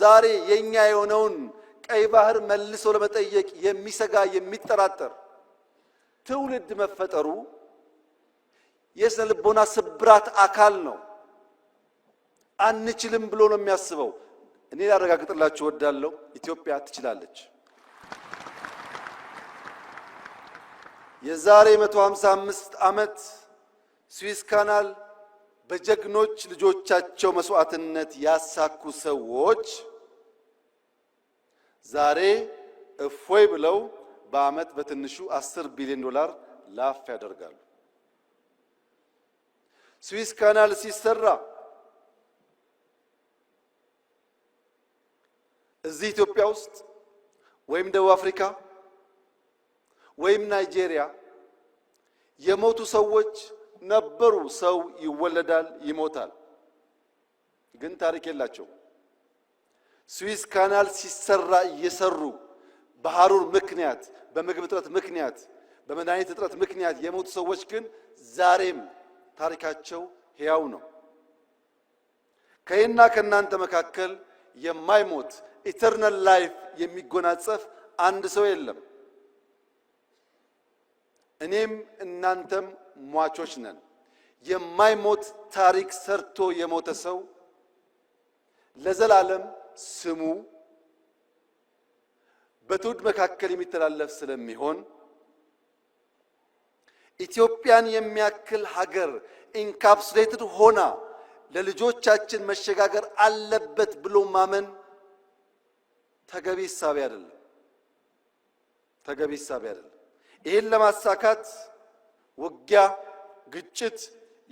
ዛሬ የኛ የሆነውን ቀይ ባህር መልሶ ለመጠየቅ የሚሰጋ የሚጠራጠር ትውልድ መፈጠሩ የስነ ልቦና ስብራት አካል ነው። አንችልም ብሎ ነው የሚያስበው። እኔ ላረጋግጥላችሁ ወዳለሁ ኢትዮጵያ ትችላለች። የዛሬ 155 ዓመት ስዊስ ካናል በጀግኖች ልጆቻቸው መስዋዕትነት ያሳኩ ሰዎች ዛሬ እፎይ ብለው በዓመት በትንሹ 10 ቢሊዮን ዶላር ላፍ ያደርጋሉ። ስዊስ ካናል ሲሰራ እዚህ ኢትዮጵያ ውስጥ ወይም ደቡብ አፍሪካ ወይም ናይጄሪያ የሞቱ ሰዎች ነበሩ። ሰው ይወለዳል፣ ይሞታል፣ ግን ታሪክ የላቸው። ስዊስ ካናል ሲሰራ እየሰሩ በሐሩር ምክንያት፣ በምግብ እጥረት ምክንያት፣ በመድኃኒት እጥረት ምክንያት የሞቱ ሰዎች ግን ዛሬም ታሪካቸው ሕያው ነው። ከይና ከእናንተ መካከል የማይሞት ኢተርናል ላይፍ የሚጎናጸፍ አንድ ሰው የለም። እኔም እናንተም ሟቾች ነን። የማይሞት ታሪክ ሰርቶ የሞተ ሰው ለዘላለም ስሙ በትውልድ መካከል የሚተላለፍ ስለሚሆን ኢትዮጵያን የሚያክል ሀገር ኢንካፕሱሌትድ ሆና ለልጆቻችን መሸጋገር አለበት ብሎ ማመን ተገቢ ሳቢ አይደለም። ተገቢ ሳቢ አይደለም። ይህን ለማሳካት ውጊያ፣ ግጭት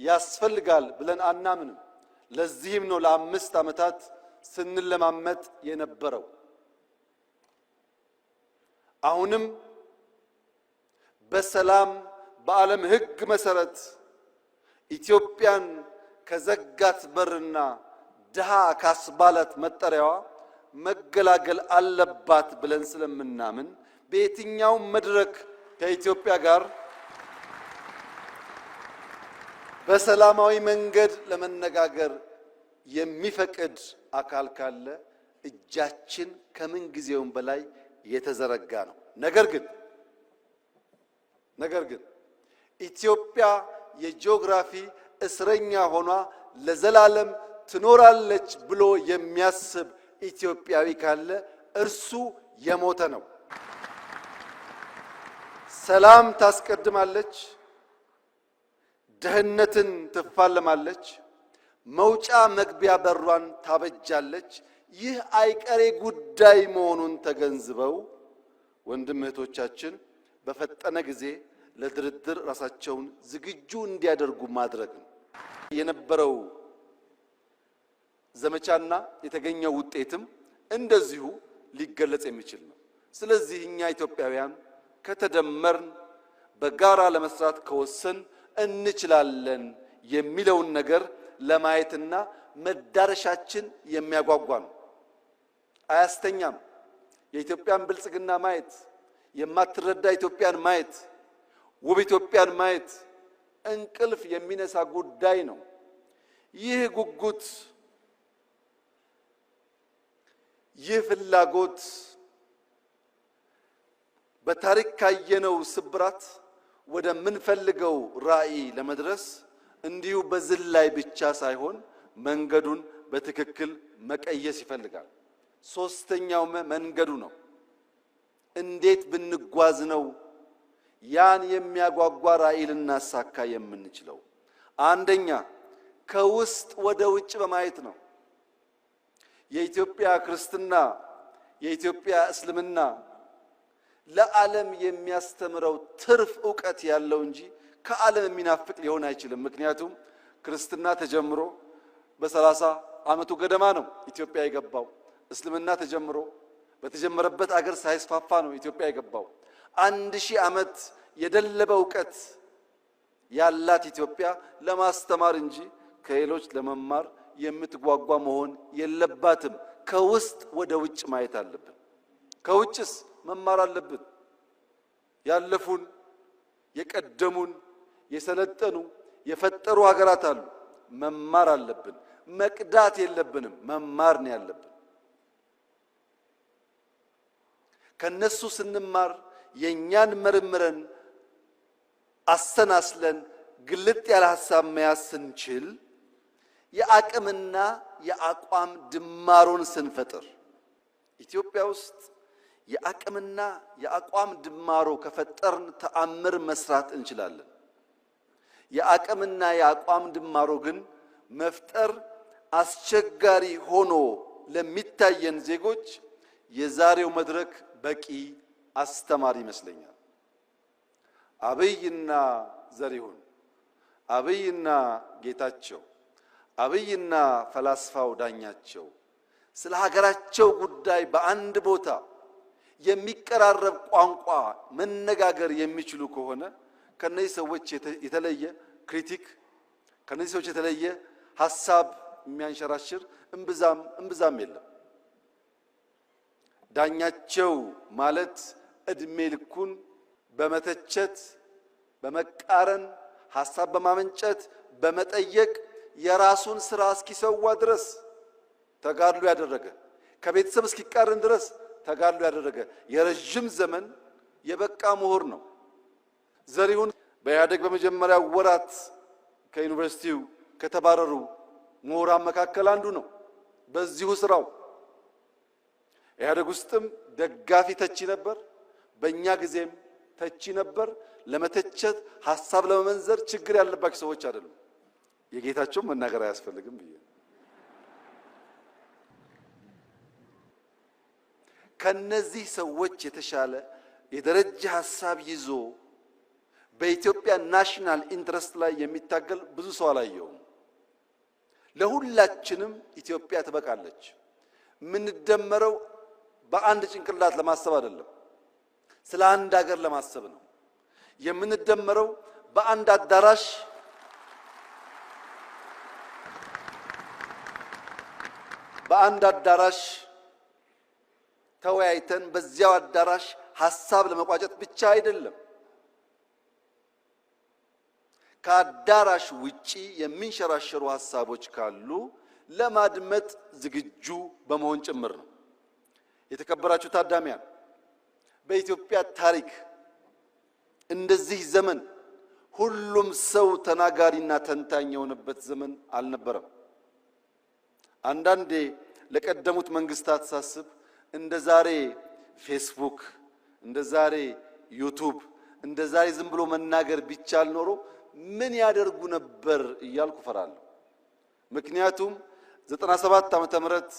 ያስፈልጋል ብለን አናምንም። ለዚህም ነው ለአምስት ዓመታት ስንለማመጥ የነበረው። አሁንም በሰላም በዓለም ሕግ መሰረት ኢትዮጵያን ከዘጋት በርና ድሃ ካስባላት መጠሪያዋ መገላገል አለባት ብለን ስለምናምን በየትኛውም መድረክ ከኢትዮጵያ ጋር በሰላማዊ መንገድ ለመነጋገር የሚፈቅድ አካል ካለ እጃችን ከምን ጊዜውም በላይ የተዘረጋ ነው። ነገር ግን ነገር ግን ኢትዮጵያ የጂኦግራፊ እስረኛ ሆኗ ለዘላለም ትኖራለች ብሎ የሚያስብ ኢትዮጵያዊ ካለ እርሱ የሞተ ነው። ሰላም ታስቀድማለች። ድህነትን ትፋለማለች፣ መውጫ መግቢያ በሯን ታበጃለች። ይህ አይቀሬ ጉዳይ መሆኑን ተገንዝበው ወንድም እህቶቻችን በፈጠነ ጊዜ ለድርድር ራሳቸውን ዝግጁ እንዲያደርጉ ማድረግ ነው የነበረው ዘመቻና የተገኘው ውጤትም እንደዚሁ ሊገለጽ የሚችል ነው። ስለዚህ እኛ ኢትዮጵያውያን ከተደመርን በጋራ ለመስራት ከወሰን እንችላለን የሚለውን ነገር ለማየትና መዳረሻችን የሚያጓጓ ነው። አያስተኛም። የኢትዮጵያን ብልጽግና ማየት፣ የማትረዳ ኢትዮጵያን ማየት፣ ውብ ኢትዮጵያን ማየት እንቅልፍ የሚነሳ ጉዳይ ነው። ይህ ጉጉት፣ ይህ ፍላጎት በታሪክ ካየነው ስብራት ወደምንፈልገው ራዕይ ለመድረስ እንዲሁ በዝል ላይ ብቻ ሳይሆን መንገዱን በትክክል መቀየስ ይፈልጋል። ሶስተኛው መንገዱ ነው። እንዴት ብንጓዝ ነው ያን የሚያጓጓ ራዕይ ልናሳካ የምንችለው? አንደኛ ከውስጥ ወደ ውጭ በማየት ነው። የኢትዮጵያ ክርስትና፣ የኢትዮጵያ እስልምና ለዓለም የሚያስተምረው ትርፍ እውቀት ያለው እንጂ ከዓለም የሚናፍቅ ሊሆን አይችልም። ምክንያቱም ክርስትና ተጀምሮ በሰላሳ ዓመቱ ገደማ ነው ኢትዮጵያ የገባው። እስልምና ተጀምሮ በተጀመረበት አገር ሳይስፋፋ ነው ኢትዮጵያ የገባው። አንድ ሺህ ዓመት የደለበ እውቀት ያላት ኢትዮጵያ ለማስተማር እንጂ ከሌሎች ለመማር የምትጓጓ መሆን የለባትም። ከውስጥ ወደ ውጭ ማየት አለብን። ከውጭስ መማር አለብን። ያለፉን፣ የቀደሙን፣ የሰለጠኑ የፈጠሩ ሀገራት አሉ። መማር አለብን። መቅዳት የለብንም። መማር ነው ያለብን። ከነሱ ስንማር የኛን መርምረን አሰናስለን ግልጥ ያለ ሀሳብ መያዝ ስንችል የአቅምና የአቋም ድማሮን ስንፈጥር ኢትዮጵያ ውስጥ የአቅምና የአቋም ድማሮ ከፈጠርን ተአምር መስራት እንችላለን። የአቅምና የአቋም ድማሮ ግን መፍጠር አስቸጋሪ ሆኖ ለሚታየን ዜጎች የዛሬው መድረክ በቂ አስተማሪ ይመስለኛል። አብይና ዘሪሁን፣ አብይና ጌታቸው፣ አብይና ፈላስፋው ዳኛቸው ስለ ሀገራቸው ጉዳይ በአንድ ቦታ የሚቀራረብ ቋንቋ መነጋገር የሚችሉ ከሆነ ከነዚህ ሰዎች የተለየ ክሪቲክ ከነዚህ ሰዎች የተለየ ሀሳብ የሚያንሸራሽር እምብዛም እምብዛም የለም። ዳኛቸው ማለት እድሜ ልኩን በመተቸት በመቃረን ሀሳብ በማመንጨት በመጠየቅ የራሱን ስራ እስኪሰዋ ድረስ ተጋድሎ ያደረገ ከቤተሰብ እስኪቃረን ድረስ ተጋድሎ ያደረገ የረዥም ዘመን የበቃ ምሁር ነው። ዘሪሁን በኢህአዴግ በመጀመሪያው ወራት ከዩኒቨርሲቲው ከተባረሩ ምሁራን መካከል አንዱ ነው። በዚሁ ስራው ኢህአዴግ ውስጥም ደጋፊ ተቺ ነበር፣ በእኛ ጊዜም ተቺ ነበር። ለመተቸት ሀሳብ ለመመንዘር ችግር ያለባቸው ሰዎች አይደሉም። የጌታቸውን መናገር አያስፈልግም ብዬ ከነዚህ ሰዎች የተሻለ የደረጀ ሀሳብ ይዞ በኢትዮጵያ ናሽናል ኢንትረስት ላይ የሚታገል ብዙ ሰው አላየውም። ለሁላችንም ኢትዮጵያ ትበቃለች። የምንደመረው በአንድ ጭንቅላት ለማሰብ አይደለም፣ ስለ አንድ ሀገር ለማሰብ ነው። የምንደመረው በአንድ አዳራሽ በአንድ አዳራሽ ተወያይተን በዚያው አዳራሽ ሀሳብ ለመቋጨት ብቻ አይደለም። ከአዳራሽ ውጪ የሚንሸራሸሩ ሀሳቦች ካሉ ለማድመጥ ዝግጁ በመሆን ጭምር ነው። የተከበራችሁ ታዳሚያን፣ በኢትዮጵያ ታሪክ እንደዚህ ዘመን ሁሉም ሰው ተናጋሪና ተንታኝ የሆነበት ዘመን አልነበረም። አንዳንዴ ለቀደሙት መንግስታት ሳስብ እንደ ዛሬ ፌስቡክ፣ እንደ ዛሬ ዩቱብ፣ እንደ ዛሬ ዝም ብሎ መናገር ቢቻል ኖሮ ምን ያደርጉ ነበር እያልኩ ፈራለሁ። ምክንያቱም 97 ዓመተ ምህረት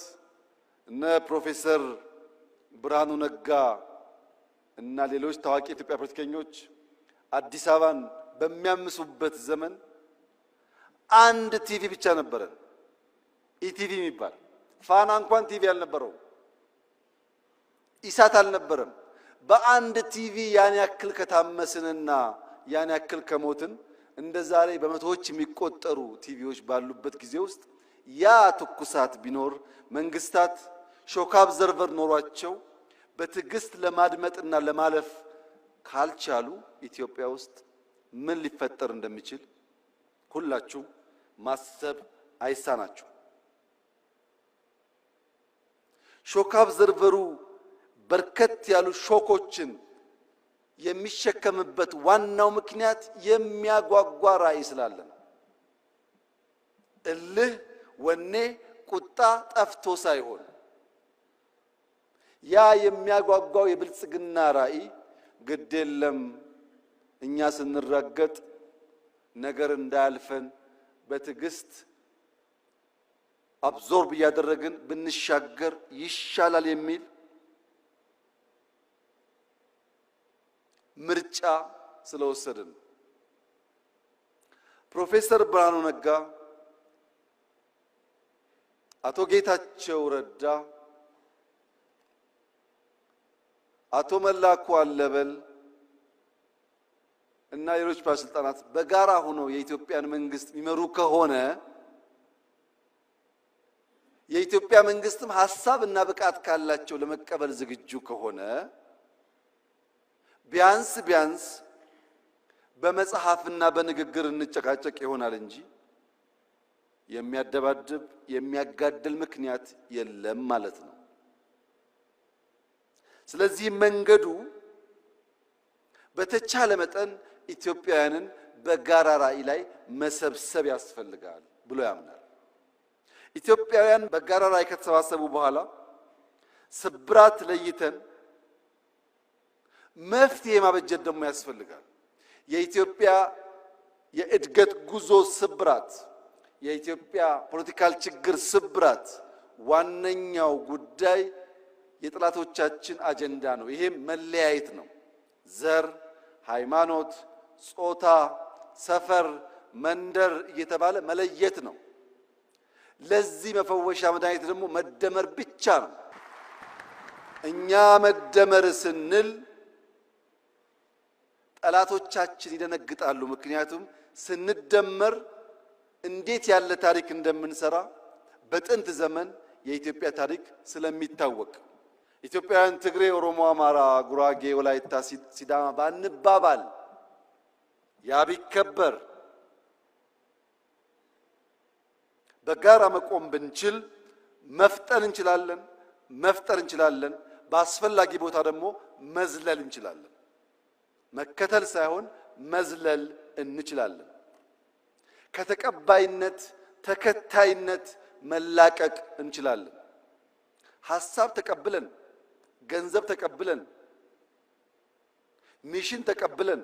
እነ ፕሮፌሰር ብርሃኑ ነጋ እና ሌሎች ታዋቂ የኢትዮጵያ ፖለቲከኞች አዲስ አበባን በሚያምሱበት ዘመን አንድ ቲቪ ብቻ ነበረን፣ ኢቲቪ የሚባል ፋና እንኳን ቲቪ አልነበረውም። ኢሳት አልነበረም። በአንድ ቲቪ ያን ያክል ከታመስንና ያን ያክል ከሞትን እንደ ዛሬ በመቶዎች የሚቆጠሩ ቲቪዎች ባሉበት ጊዜ ውስጥ ያ ትኩሳት ቢኖር መንግስታት ሾካብ ዘርቨር ኖሯቸው በትዕግስት ለማድመጥና ለማለፍ ካልቻሉ ኢትዮጵያ ውስጥ ምን ሊፈጠር እንደሚችል ሁላችሁም ማሰብ አይሳናችሁ። ሾካብ ዘርቨሩ በርከት ያሉ ሾኮችን የሚሸከምበት ዋናው ምክንያት የሚያጓጓ ራዕይ ስላለ ነው። እልህ፣ ወኔ፣ ቁጣ ጠፍቶ ሳይሆን ያ የሚያጓጓው የብልጽግና ራዕይ ግድ የለም እኛ ስንረገጥ ነገር እንዳያልፈን በትዕግስት አብዞርብ እያደረግን ብንሻገር ይሻላል የሚል ምርጫ ስለወሰድን። ፕሮፌሰር ብርሃኑ ነጋ፣ አቶ ጌታቸው ረዳ፣ አቶ መላኩ አለበል እና ሌሎች ባለስልጣናት በጋራ ሆነው የኢትዮጵያን መንግስት የሚመሩ ከሆነ የኢትዮጵያ መንግስትም ሀሳብ እና ብቃት ካላቸው ለመቀበል ዝግጁ ከሆነ ቢያንስ ቢያንስ በመጽሐፍና በንግግር እንጨቃጨቅ ይሆናል እንጂ የሚያደባድብ የሚያጋድል ምክንያት የለም ማለት ነው። ስለዚህ መንገዱ በተቻለ መጠን ኢትዮጵያውያንን በጋራ ራዕይ ላይ መሰብሰብ ያስፈልጋል ብሎ ያምናል። ኢትዮጵያውያን በጋራ ራዕይ ከተሰባሰቡ በኋላ ስብራት ለይተን መፍትሄ ማበጀት ደግሞ ያስፈልጋል። የኢትዮጵያ የእድገት ጉዞ ስብራት፣ የኢትዮጵያ ፖለቲካል ችግር ስብራት ዋነኛው ጉዳይ የጥላቶቻችን አጀንዳ ነው። ይሄም መለያየት ነው። ዘር፣ ሃይማኖት፣ ጾታ፣ ሰፈር፣ መንደር እየተባለ መለየት ነው። ለዚህ መፈወሻ መድኃኒት ደግሞ መደመር ብቻ ነው። እኛ መደመር ስንል ጠላቶቻችን ይደነግጣሉ። ምክንያቱም ስንደመር እንዴት ያለ ታሪክ እንደምንሰራ በጥንት ዘመን የኢትዮጵያ ታሪክ ስለሚታወቅ ኢትዮጵያውያን ትግሬ፣ ኦሮሞ፣ አማራ፣ ጉራጌ፣ ወላይታ፣ ሲዳማ ባንባባል ያ ቢከበር በጋራ መቆም ብንችል መፍጠን እንችላለን፣ መፍጠር እንችላለን። በአስፈላጊ ቦታ ደግሞ መዝለል እንችላለን። መከተል ሳይሆን መዝለል እንችላለን። ከተቀባይነት ተከታይነት መላቀቅ እንችላለን። ሐሳብ ተቀብለን፣ ገንዘብ ተቀብለን፣ ሚሽን ተቀብለን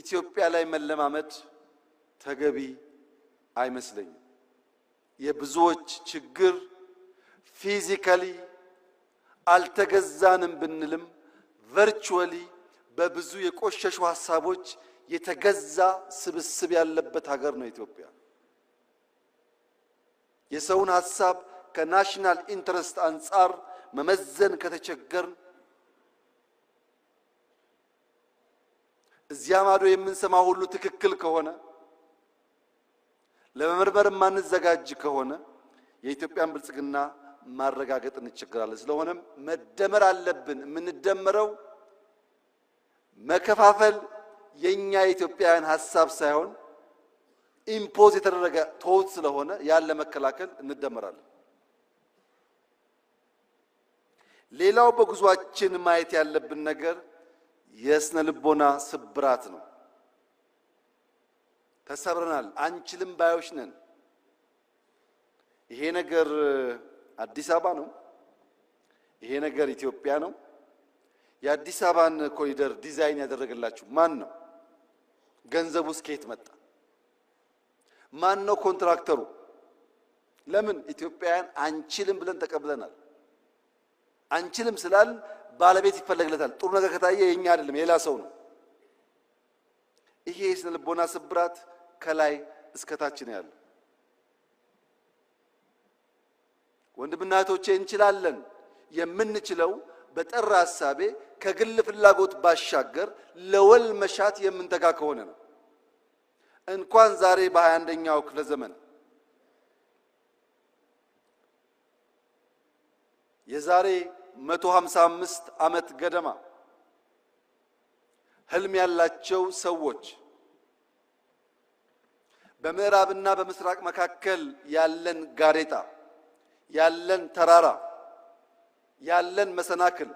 ኢትዮጵያ ላይ መለማመድ ተገቢ አይመስለኝም። የብዙዎች ችግር ፊዚካሊ አልተገዛንም ብንልም ቨርቹዋሊ በብዙ የቆሸሹ ሀሳቦች የተገዛ ስብስብ ያለበት ሀገር ነው ኢትዮጵያ። የሰውን ሀሳብ ከናሽናል ኢንትረስት አንጻር መመዘን ከተቸገርን እዚያ ማዶ የምንሰማ ሁሉ ትክክል ከሆነ ለመመርመር የማንዘጋጅ ከሆነ የኢትዮጵያን ብልጽግና ማረጋገጥ እንቸገራለን። ስለሆነም መደመር አለብን። የምንደመረው መከፋፈል የኛ የኢትዮጵያውያን ሀሳብ ሳይሆን ኢምፖዝ የተደረገ ተውት ስለሆነ ያን ለመከላከል እንደመራለን። ሌላው በጉዟችን ማየት ያለብን ነገር የስነ ልቦና ስብራት ነው። ተሰብረናል፣ አንችልም ባዮች ነን። ይሄ ነገር አዲስ አበባ ነው። ይሄ ነገር ኢትዮጵያ ነው። የአዲስ አበባን ኮሪደር ዲዛይን ያደረገላችሁ ማን ነው? ገንዘቡ ከየት መጣ? ማን ነው ኮንትራክተሩ? ለምን ኢትዮጵያውያን አንችልም ብለን ተቀብለናል? አንችልም ስላል ባለቤት ይፈለግለታል። ጥሩ ነገር ከታየ የኛ አይደለም የሌላ ሰው ነው። ይሄ የስነ ልቦና ስብራት ከላይ እስከታች ነው ያለው። ወንድምና እህቶቼ እንችላለን። የምንችለው በጠራ ሀሳቤ ከግል ፍላጎት ባሻገር ለወል መሻት የምንተጋ ከሆነ ነው። እንኳን ዛሬ በሃያ አንደኛው ክፍለ ዘመን የዛሬ 155 ዓመት ገደማ ህልም ያላቸው ሰዎች በምዕራብና በምስራቅ መካከል ያለን ጋሬጣ፣ ያለን ተራራ፣ ያለን መሰናክል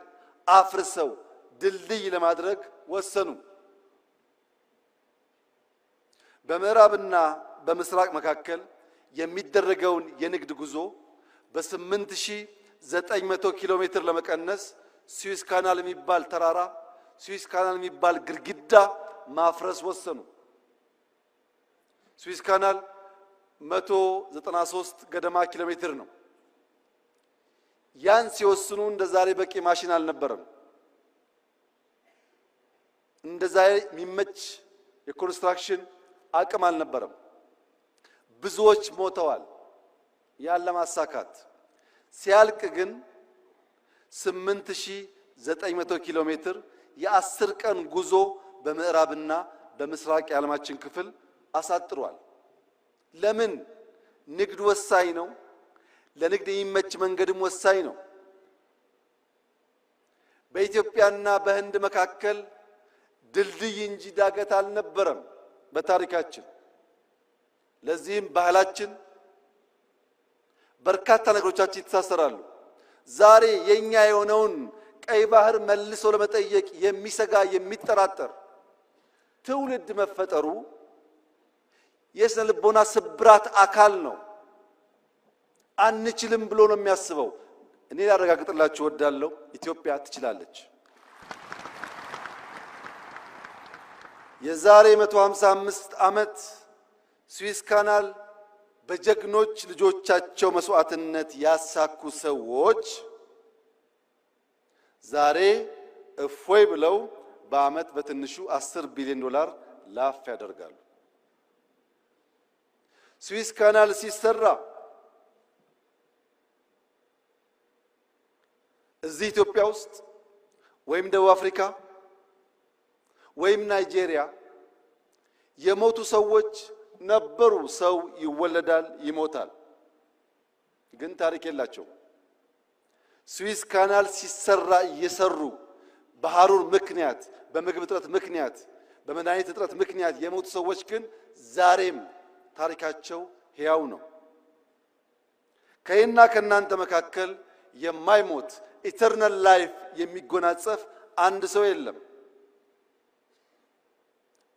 አፍርሰው ድልድይ ለማድረግ ወሰኑ። በምዕራብና በምስራቅ መካከል የሚደረገውን የንግድ ጉዞ በ8900 ኪሎ ሜትር ለመቀነስ ስዊስ ካናል የሚባል ተራራ፣ ስዊስ ካናል የሚባል ግድግዳ ማፍረስ ወሰኑ። ስዊስ ካናል 193 ገደማ ኪሎ ሜትር ነው። ያን ሲወስኑ እንደ ዛሬ በቂ ማሽን አልነበረም። እንደ ዛሬ የሚመች የኮንስትራክሽን አቅም አልነበረም። ብዙዎች ሞተዋል። ያን ለማሳካት ሲያልቅ ግን 8900 ኪሎ ሜትር የአስር ቀን ጉዞ በምዕራብና በምስራቅ የዓለማችን ክፍል አሳጥሯል። ለምን? ንግድ ወሳኝ ነው። ለንግድ የሚመች መንገድም ወሳኝ ነው። በኢትዮጵያና በህንድ መካከል ድልድይ እንጂ ዳገት አልነበረም በታሪካችን። ለዚህም ባህላችን፣ በርካታ ነገሮቻችን ይተሳሰራሉ። ዛሬ የኛ የሆነውን ቀይ ባህር መልሶ ለመጠየቅ የሚሰጋ የሚጠራጠር ትውልድ መፈጠሩ የስነ ልቦና ስብራት አካል ነው። አንችልም ብሎ ነው የሚያስበው። እኔ ላረጋግጥላችሁ ወዳለሁ ኢትዮጵያ ትችላለች። የዛሬ 155 ዓመት ስዊስ ካናል በጀግኖች ልጆቻቸው መስዋዕትነት ያሳኩ ሰዎች ዛሬ እፎይ ብለው በዓመት በትንሹ 10 ቢሊዮን ዶላር ላፍ ያደርጋሉ። ስዊስ ካናል ሲሰራ እዚህ ኢትዮጵያ ውስጥ ወይም ደቡብ አፍሪካ ወይም ናይጄሪያ የሞቱ ሰዎች ነበሩ። ሰው ይወለዳል፣ ይሞታል፣ ግን ታሪክ የላቸው። ስዊስ ካናል ሲሰራ እየሰሩ በሐሩር ምክንያት፣ በምግብ እጥረት ምክንያት፣ በመድኃኒት እጥረት ምክንያት የሞቱ ሰዎች ግን ዛሬም ታሪካቸው ሕያው ነው። ከይና ከእናንተ መካከል የማይሞት ኢተርናል ላይፍ የሚጎናጸፍ አንድ ሰው የለም።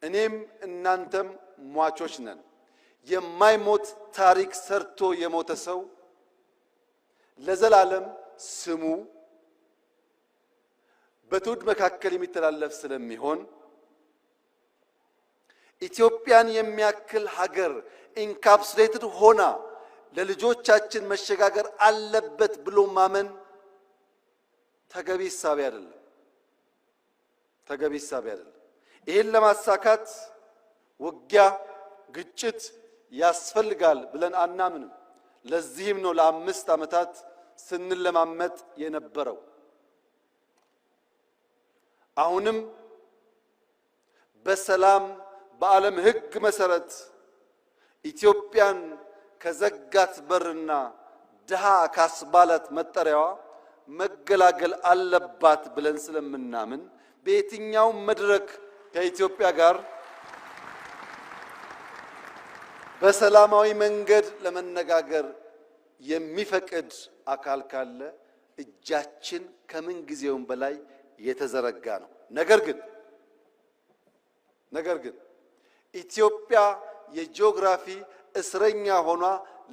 እኔም እናንተም ሟቾች ነን። የማይሞት ታሪክ ሰርቶ የሞተ ሰው ለዘላለም ስሙ በትውልድ መካከል የሚተላለፍ ስለሚሆን ኢትዮጵያን የሚያክል ሀገር ኢንካፕሱሌትድ ሆና ለልጆቻችን መሸጋገር አለበት ብሎ ማመን ተገቢ እሳቤ አይደለም። ተገቢ እሳቤ አይደለም። ይህን ለማሳካት ውጊያ፣ ግጭት ያስፈልጋል ብለን አናምንም። ለዚህም ነው ለአምስት ዓመታት ስንለማመጥ የነበረው። አሁንም በሰላም በዓለም ሕግ መሰረት ኢትዮጵያን ከዘጋት በርና ድሃ ካስባላት መጠሪያዋ መገላገል አለባት ብለን ስለምናምን በየትኛውም መድረክ ከኢትዮጵያ ጋር በሰላማዊ መንገድ ለመነጋገር የሚፈቅድ አካል ካለ እጃችን ከምን ጊዜውም በላይ የተዘረጋ ነው። ነገር ግን ነገር ግን ኢትዮጵያ የጂኦግራፊ እስረኛ ሆኗ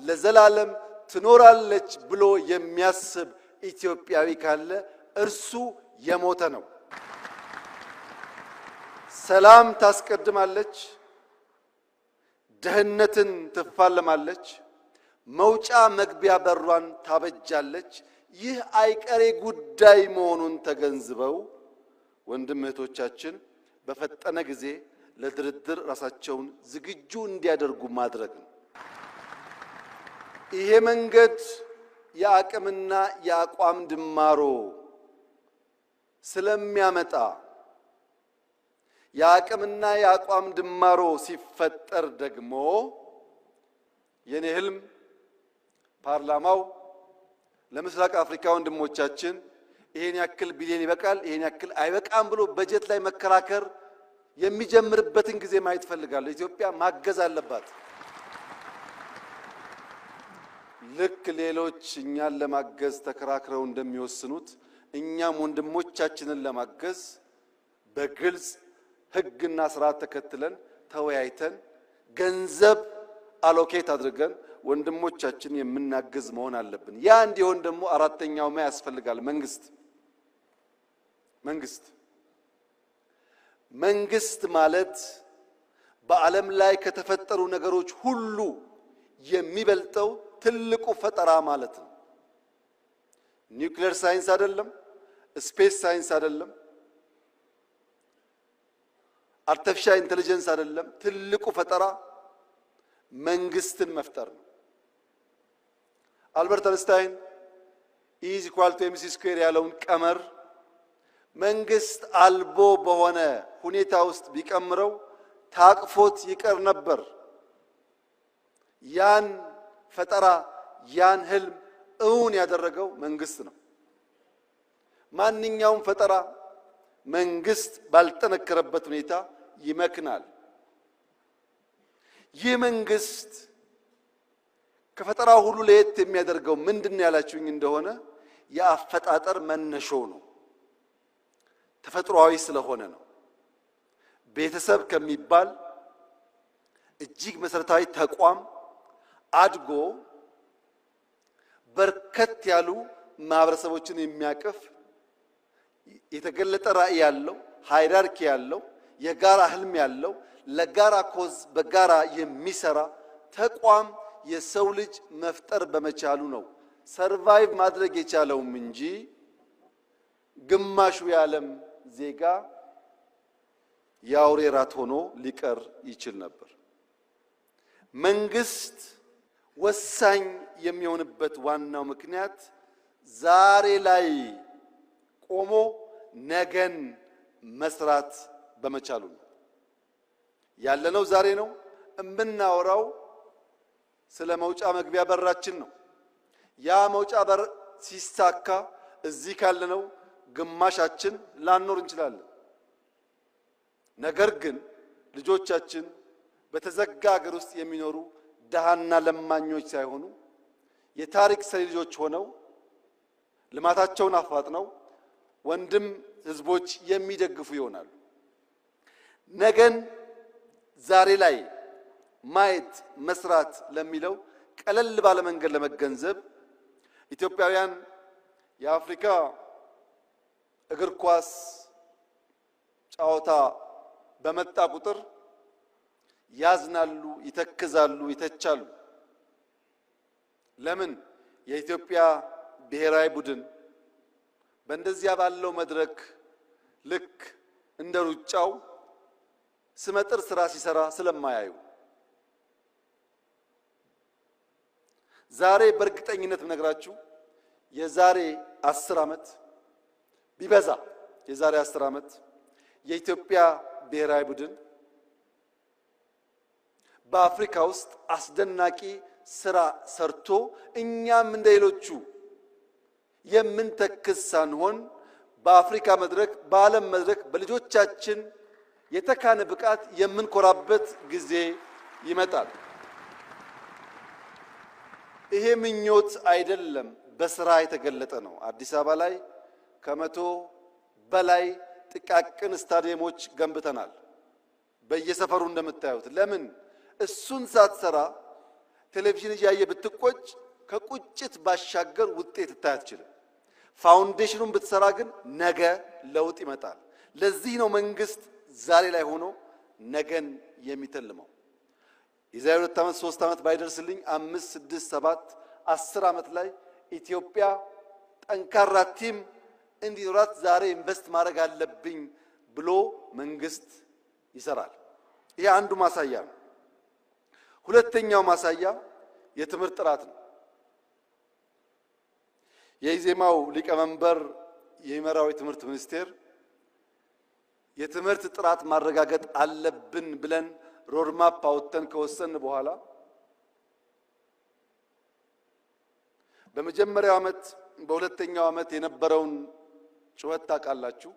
ለዘላለም ትኖራለች ብሎ የሚያስብ ኢትዮጵያዊ ካለ እርሱ የሞተ ነው። ሰላም ታስቀድማለች፣ ደህንነትን ትፋለማለች፣ መውጫ መግቢያ በሯን ታበጃለች። ይህ አይቀሬ ጉዳይ መሆኑን ተገንዝበው ወንድም እህቶቻችን በፈጠነ ጊዜ ለድርድር ራሳቸውን ዝግጁ እንዲያደርጉ ማድረግ ነው። ይሄ መንገድ የአቅምና የአቋም ድማሮ ስለሚያመጣ የአቅምና የአቋም ድማሮ ሲፈጠር ደግሞ የኔ ህልም ፓርላማው ለምስራቅ አፍሪካ ወንድሞቻችን ይሄን ያክል ቢሊዮን ይበቃል፣ ይሄን ያክል አይበቃም ብሎ በጀት ላይ መከራከር የሚጀምርበትን ጊዜ ማየት ፈልጋለሁ። ኢትዮጵያ ማገዝ አለባት። ልክ ሌሎች እኛን ለማገዝ ተከራክረው እንደሚወስኑት እኛም ወንድሞቻችንን ለማገዝ በግልጽ ሕግና ስርዓት ተከትለን ተወያይተን ገንዘብ አሎኬት አድርገን ወንድሞቻችን የምናገዝ መሆን አለብን። ያ እንዲሆን ደግሞ አራተኛው ማ ያስፈልጋል መንግስት መንግስት መንግስት ማለት በዓለም ላይ ከተፈጠሩ ነገሮች ሁሉ የሚበልጠው ትልቁ ፈጠራ ማለት ነው። ኒውክሌር ሳይንስ አይደለም፣ ስፔስ ሳይንስ አይደለም፣ አርቲፊሻል ኢንቴሊጀንስ አይደለም። ትልቁ ፈጠራ መንግስትን መፍጠር ነው። አልበርት አንስታይን ኢዝ ኢኳል ቱ ኤምሲ ስኩዌር ያለውን ቀመር መንግስት አልቦ በሆነ ሁኔታ ውስጥ ቢቀምረው ታቅፎት ይቀር ነበር። ያን ፈጠራ ያን ህልም እውን ያደረገው መንግስት ነው። ማንኛውም ፈጠራ መንግስት ባልጠነከረበት ሁኔታ ይመክናል። ይህ መንግስት ከፈጠራው ሁሉ ለየት የሚያደርገው ምንድን ያላችሁኝ እንደሆነ የአፈጣጠር መነሾ ነው። ተፈጥሯዊ ስለሆነ ነው። ቤተሰብ ከሚባል እጅግ መሰረታዊ ተቋም አድጎ በርከት ያሉ ማህበረሰቦችን የሚያቅፍ የተገለጠ ራዕይ ያለው ሃይራርኪ ያለው የጋራ ህልም ያለው ለጋራ ኮዝ በጋራ የሚሰራ ተቋም የሰው ልጅ መፍጠር በመቻሉ ነው ሰርቫይቭ ማድረግ የቻለውም እንጂ ግማሹ የዓለም ዜጋ የአውሬ ራት ሆኖ ሊቀር ይችል ነበር። መንግስት ወሳኝ የሚሆንበት ዋናው ምክንያት ዛሬ ላይ ቆሞ ነገን መስራት በመቻሉ ነው። ያለነው ዛሬ ነው። እምናወራው ስለ መውጫ መግቢያ በራችን ነው። ያ መውጫ በር ሲሳካ እዚህ ካለነው ግማሻችን ላኖር እንችላለን። ነገር ግን ልጆቻችን በተዘጋ ሀገር ውስጥ የሚኖሩ ደሃና ለማኞች ሳይሆኑ የታሪክ ሰሪ ልጆች ሆነው ልማታቸውን አፋጥነው ወንድም ህዝቦች የሚደግፉ ይሆናሉ። ነገን ዛሬ ላይ ማየት መስራት ለሚለው ቀለል ባለ መንገድ ለመገንዘብ ኢትዮጵያውያን የአፍሪካ እግር ኳስ ጨዋታ በመጣ ቁጥር ያዝናሉ፣ ይተክዛሉ፣ ይተቻሉ። ለምን? የኢትዮጵያ ብሔራዊ ቡድን በእንደዚያ ባለው መድረክ ልክ እንደ ሩጫው ስመጥር ስራ ሲሰራ ስለማያዩ ዛሬ በእርግጠኝነት ምነግራችሁ የዛሬ አስር ዓመት ቢበዛ የዛሬ አስር ዓመት የኢትዮጵያ ብሔራዊ ቡድን በአፍሪካ ውስጥ አስደናቂ ስራ ሰርቶ እኛም እንደ ሌሎቹ የምንተክስ ሳንሆን በአፍሪካ መድረክ በዓለም መድረክ በልጆቻችን የተካነ ብቃት የምንኮራበት ጊዜ ይመጣል። ይሄ ምኞት አይደለም፣ በስራ የተገለጠ ነው። አዲስ አበባ ላይ ከመቶ በላይ ጥቃቅን ስታዲየሞች ገንብተናል። በየሰፈሩ እንደምታዩት ለምን እሱን ሳትሰራ ቴሌቪዥን እያየ ብትቆጭ ከቁጭት ባሻገር ውጤት ልታይ አትችልም። ፋውንዴሽኑን ብትሰራ ግን ነገ ለውጥ ይመጣል። ለዚህ ነው መንግስት ዛሬ ላይ ሆኖ ነገን የሚተልመው። የዛሬ ሁለት ዓመት ሶስት ዓመት ባይደርስልኝ አምስት ስድስት ሰባት አስር ዓመት ላይ ኢትዮጵያ ጠንካራ ቲም እንዲኖራት ዛሬ ኢንቨስት ማድረግ አለብኝ ብሎ መንግስት ይሰራል። ይሄ አንዱ ማሳያ ነው። ሁለተኛው ማሳያ የትምህርት ጥራት ነው። የኢዜማው ሊቀመንበር የሚመራው የትምህርት ሚኒስቴር የትምህርት ጥራት ማረጋገጥ አለብን ብለን ሮድማፕ አውጥተን ከወሰን በኋላ በመጀመሪያው ዓመት በሁለተኛው ዓመት የነበረውን ጩኸት ታውቃላችሁ።